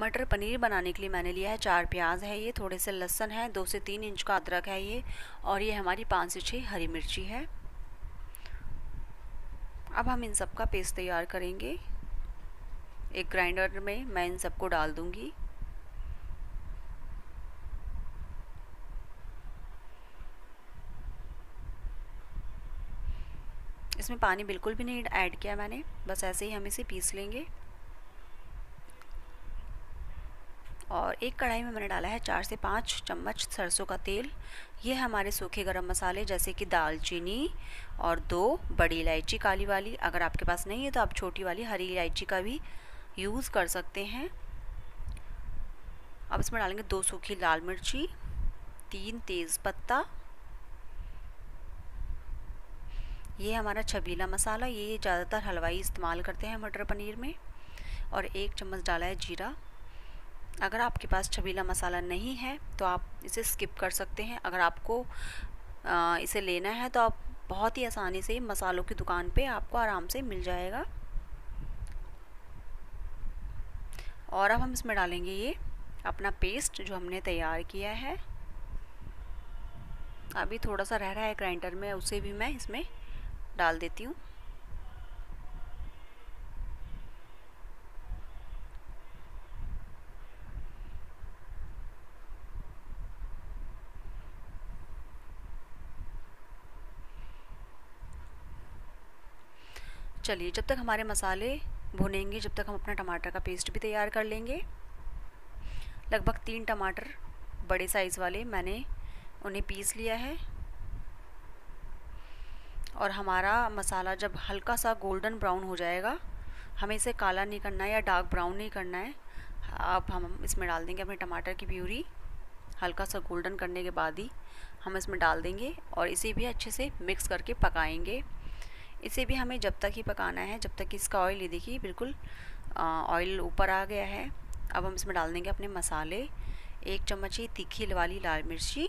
मटर पनीर बनाने के लिए मैंने लिया है चार प्याज है ये थोड़े से लहसन है दो से तीन इंच का अदरक है ये और ये हमारी पाँच से छः हरी मिर्ची है अब हम इन सब का पेस्ट तैयार करेंगे एक ग्राइंडर में मैं इन सबको डाल दूँगी इसमें पानी बिल्कुल भी नहीं ऐड किया मैंने बस ऐसे ही हम इसे पीस लेंगे और एक कढ़ाई में मैंने डाला है चार से पाँच चम्मच सरसों का तेल ये हमारे सूखे गरम मसाले जैसे कि दालचीनी और दो बड़ी इलायची काली वाली अगर आपके पास नहीं है तो आप छोटी वाली हरी इलायची का भी यूज़ कर सकते हैं अब इसमें डालेंगे दो सूखी लाल मिर्ची तीन तेज़ पत्ता ये हमारा छबीला मसाला ये ज़्यादातर हलवाई इस्तेमाल करते हैं मटर पनीर में और एक चम्मच डाला है जीरा अगर आपके पास छबीला मसाला नहीं है तो आप इसे स्किप कर सकते हैं अगर आपको आ, इसे लेना है तो आप बहुत ही आसानी से मसालों की दुकान पे आपको आराम से मिल जाएगा और अब हम इसमें डालेंगे ये अपना पेस्ट जो हमने तैयार किया है अभी थोड़ा सा रह रहा है ग्राइंडर में उसे भी मैं इसमें डाल देती हूँ चलिए जब तक हमारे मसाले भुनेंगे जब तक हम अपना टमाटर का पेस्ट भी तैयार कर लेंगे लगभग तीन टमाटर बड़े साइज़ वाले मैंने उन्हें पीस लिया है और हमारा मसाला जब हल्का सा गोल्डन ब्राउन हो जाएगा हमें इसे काला नहीं करना है या डार्क ब्राउन नहीं करना है अब हम इसमें डाल देंगे अपने टमाटर की प्यूरी हल्का सा गोल्डन करने के बाद ही हम इसमें डाल देंगे और इसे भी अच्छे से मिक्स करके पकाएंगे इसे भी हमें जब तक ही पकाना है जब तक कि इसका ऑयल ये देखिए बिल्कुल ऑयल ऊपर आ गया है अब हम इसमें डाल देंगे अपने मसाले एक चम्मच ही तीखी वाली लाल मिर्ची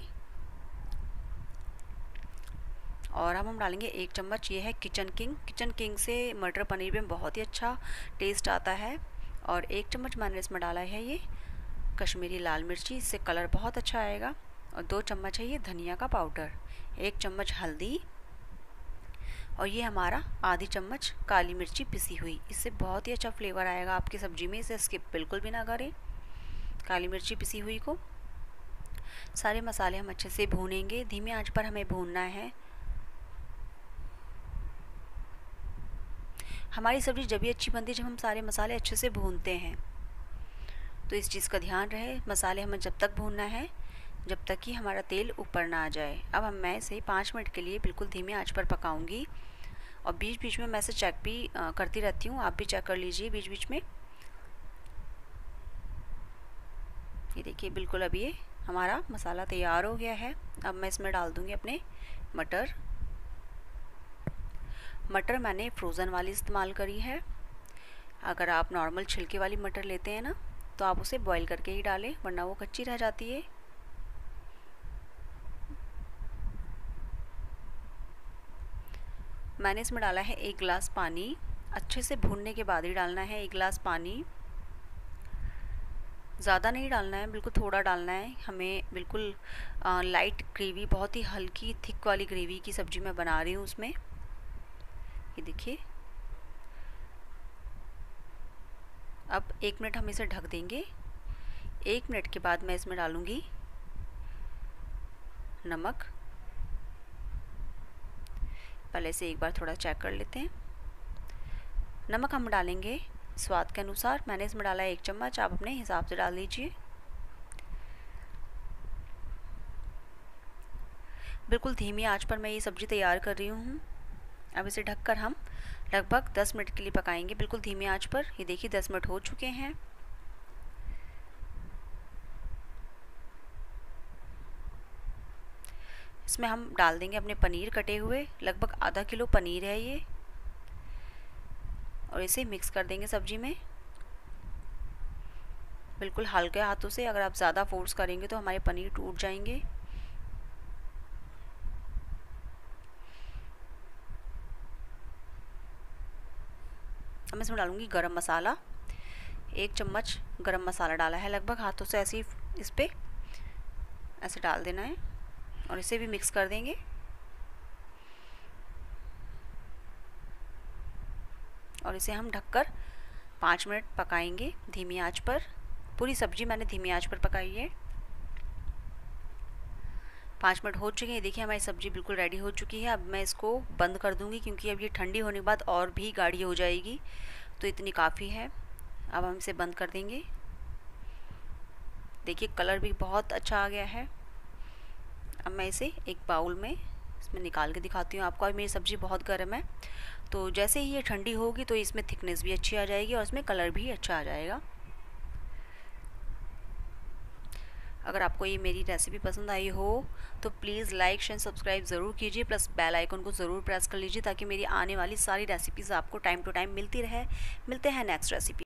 और अब हम डालेंगे एक चम्मच ये है किचन किंग किचन किंग से मटर पनीर में बहुत ही अच्छा टेस्ट आता है और एक चम्मच मैंने इसमें डाला है ये कश्मीरी लाल मिर्ची इससे कलर बहुत अच्छा आएगा और दो चम्मच है ये धनिया का पाउडर एक चम्मच हल्दी और ये हमारा आधी चम्मच काली मिर्ची पिसी हुई इससे बहुत ही अच्छा फ्लेवर आएगा आपकी सब्ज़ी में इसे स्किप बिल्कुल भी ना करें काली मिर्ची पिसी हुई को सारे मसाले हम अच्छे से भूनेंगे धीमी आंच पर हमें भूनना है हमारी सब्ज़ी जब भी अच्छी बनती है जब हम सारे मसाले अच्छे से भूनते हैं तो इस चीज़ का ध्यान रहे मसाले हमें जब तक भूनना है जब तक कि हमारा तेल ऊपर ना आ जाए अब हम मैं इसे पाँच मिनट के लिए बिल्कुल धीमे आंच पर पकाऊंगी और बीच बीच में मैं से चेक भी करती रहती हूँ आप भी चेक कर लीजिए बीच बीच में ये देखिए बिल्कुल अभी हमारा मसाला तैयार हो गया है अब मैं इसमें डाल दूँगी अपने मटर मटर मैंने फ्रोज़न वाली इस्तेमाल करी है अगर आप नॉर्मल छिलके वाली मटर लेते हैं ना तो आप उसे बॉईल करके ही डालें वरना वो कच्ची रह जाती है मैंने इसमें डाला है एक गिलास पानी अच्छे से भूनने के बाद ही डालना है एक गिलास पानी ज़्यादा नहीं डालना है बिल्कुल थोड़ा डालना है हमें बिल्कुल आ, लाइट ग्रेवी बहुत ही हल्की थिक वाली ग्रेवी की सब्ज़ी मैं बना रही हूँ उसमें ये देखिए अब एक मिनट हम इसे ढक देंगे एक मिनट के बाद मैं इसमें डालूँगी नमक पहले से एक बार थोड़ा चेक कर लेते हैं नमक हम डालेंगे स्वाद के अनुसार मैंने इसमें डाला है एक चम्मच आप अपने हिसाब से डाल लीजिए बिल्कुल धीमी आंच पर मैं ये सब्ज़ी तैयार कर रही हूँ अब इसे ढककर हम लगभग 10 मिनट के लिए पकाएंगे बिल्कुल धीमी आंच पर ये देखिए 10 मिनट हो चुके हैं इसमें हम डाल देंगे अपने पनीर कटे हुए लगभग आधा किलो पनीर है ये और इसे मिक्स कर देंगे सब्जी में बिल्कुल हल्के हाथों से अगर आप ज़्यादा फोर्स करेंगे तो हमारे पनीर टूट जाएंगे अब मैं इसमें डालूँगी गरम मसाला एक चम्मच गरम मसाला डाला है लगभग हाथों से ऐसे ही इस पर ऐसे डाल देना है और इसे भी मिक्स कर देंगे और इसे हम ढककर पाँच मिनट पकाएंगे धीमी आंच पर पूरी सब्जी मैंने धीमी आंच पर पकाई है पाँच मिनट हो चुके हैं देखिए हमारी सब्ज़ी बिल्कुल रेडी हो चुकी है अब मैं इसको बंद कर दूंगी क्योंकि अब ये ठंडी होने के बाद और भी गाढ़ी हो जाएगी तो इतनी काफ़ी है अब हम इसे बंद कर देंगे देखिए कलर भी बहुत अच्छा आ गया है अब मैं इसे एक बाउल में इसमें निकाल के दिखाती हूँ आपको अभी मेरी सब्ज़ी बहुत गर्म है तो जैसे ही ये ठंडी होगी तो इसमें थिकनेस भी अच्छी आ जाएगी और इसमें कलर भी अच्छा आ जाएगा अगर आपको ये मेरी रेसिपी पसंद आई हो तो प्लीज़ लाइक शेयर सब्सक्राइब ज़रूर कीजिए प्लस बेल आइकन को ज़रूर प्रेस कर लीजिए ताकि मेरी आने वाली सारी रेसिपीज़ आपको टाइम टू टाइम मिलती रहे मिलते हैं नेक्स्ट रेसिपी